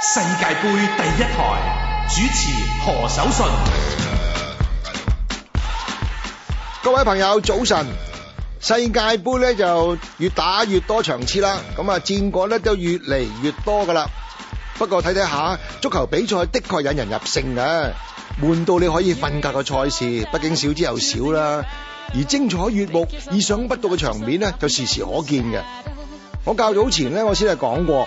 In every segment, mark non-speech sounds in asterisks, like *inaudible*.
世界杯第一台主持何守信， *music* 各位朋友，早晨，世界杯咧就越打越多場次啦，咁啊戰果咧都越嚟越多噶啦。不過睇睇下足球比賽的確引人入勝嘅，悶到你可以瞓覺嘅賽事，畢竟少之又少啦。而精彩悅目、意想不到嘅場面咧，就時時可見嘅。我較早前咧，我先係講過。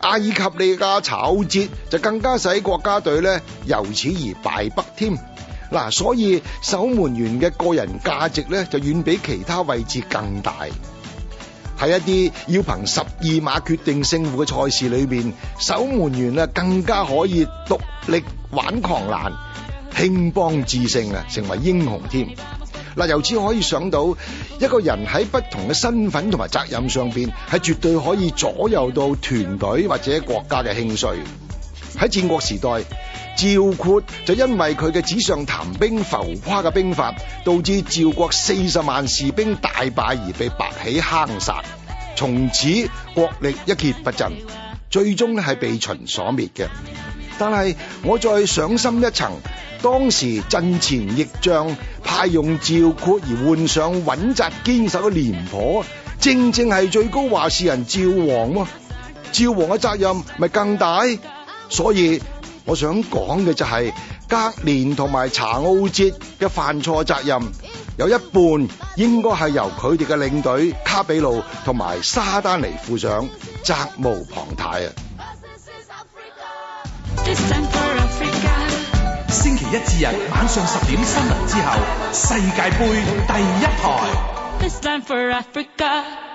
阿爾及利亞炒折就更加使國家隊咧由此而敗北添。嗱，所以守門員嘅個人價值咧就遠比其他位置更大。喺一啲要憑十二碼決定勝負嘅賽事裏邊，守門員啊更加可以獨力挽狂瀾，興邦致勝啊，成為英雄添。嗱，由此可以想到，一個人喺不同嘅身份同埋責任上邊，係絕對可以左右到團隊或者國家嘅興衰。喺戰國時代，趙括就因為佢嘅紙上談兵浮誇嘅兵法，導致趙國四十萬士兵大敗而被白起坑殺，從此國力一蹶不振，最終係被秦所滅嘅。但係我再想深一層，當時陣前易將派用趙括而換上穩紮堅守嘅廉頗，正正係最高話事人趙王咯，啊。趙王嘅責任咪更大，所以我想講嘅就係格連同埋查奧哲嘅犯錯責任有一半應該係由佢哋嘅領隊卡比路同埋沙丹尼負上，責無旁貸啊！星期一至日晚上十點新聞之後，世界杯第一台。